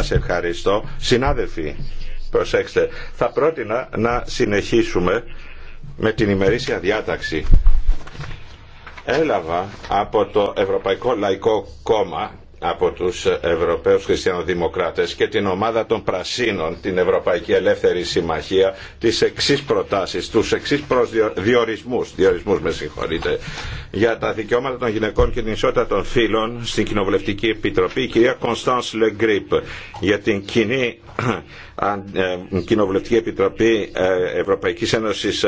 Σα ευχαριστώ. Συνάδελφοι, προσέξτε, θα πρότεινα να συνεχίσουμε με την ημερήσια διάταξη. Έλαβα από το Ευρωπαϊκό Λαϊκό Κόμμα από τους Ευρωπαίους Χριστιανοδημοκράτες και την ομάδα των Πρασίνων, την Ευρωπαϊκή Ελεύθερη Συμμαχία, τις εξής προτάσεις, τους εξής διορισμούς, διορισμούς με συγχωρείτε, για τα δικαιώματα των γυναικών και την ισότητα των φίλων στην Κοινοβουλευτική Επιτροπή, η κυρία Κωνσταντς Λεγκρίπ, για την κοινή ε, ε, Κοινοβουλευτική Επιτροπή ε, Ευρωπαϊκής Ένωσης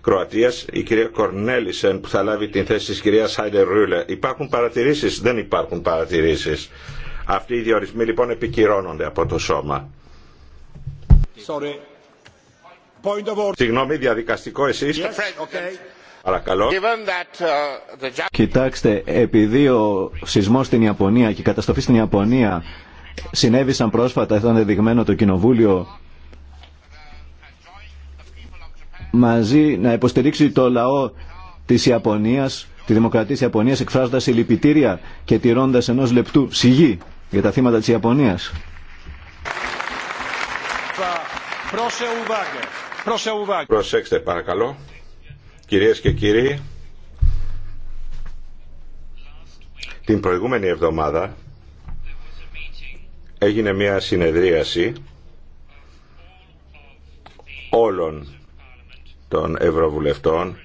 Κροατίας, η κυρία Κορνέλισεν που θα λάβει την θέση της κυρία Χάιντερ Ρούλε. Υπάρχουν παρατηρήσεις, δεν υπάρχουν παρατηρήσεις. Αυτοί οι διορισμοί λοιπόν επικυρώνονται από το σώμα. Sorry. Point of order. Συγγνώμη, διαδικαστικό εσείς. Yes, okay. Παρακαλώ. Uh, Κοιτάξτε, επειδή ο σεισμός στην Ιαπωνία και η καταστροφή στην Ιαπωνία συνέβησαν πρόσφατα, ήταν δεδειγμένο το Κοινοβούλιο μαζί να υποστηρίξει το λαό της Ιαπωνίας τη Δημοκρατία τη Ιαπωνία εκφράζοντα συλληπιτήρια και τηρώντα ενό λεπτού σιγή για τα θύματα τη Ιαπωνία. Προσέξτε παρακαλώ. Κυρίες και κύριοι, την προηγούμενη εβδομάδα έγινε μια συνεδρίαση όλων των Ευρωβουλευτών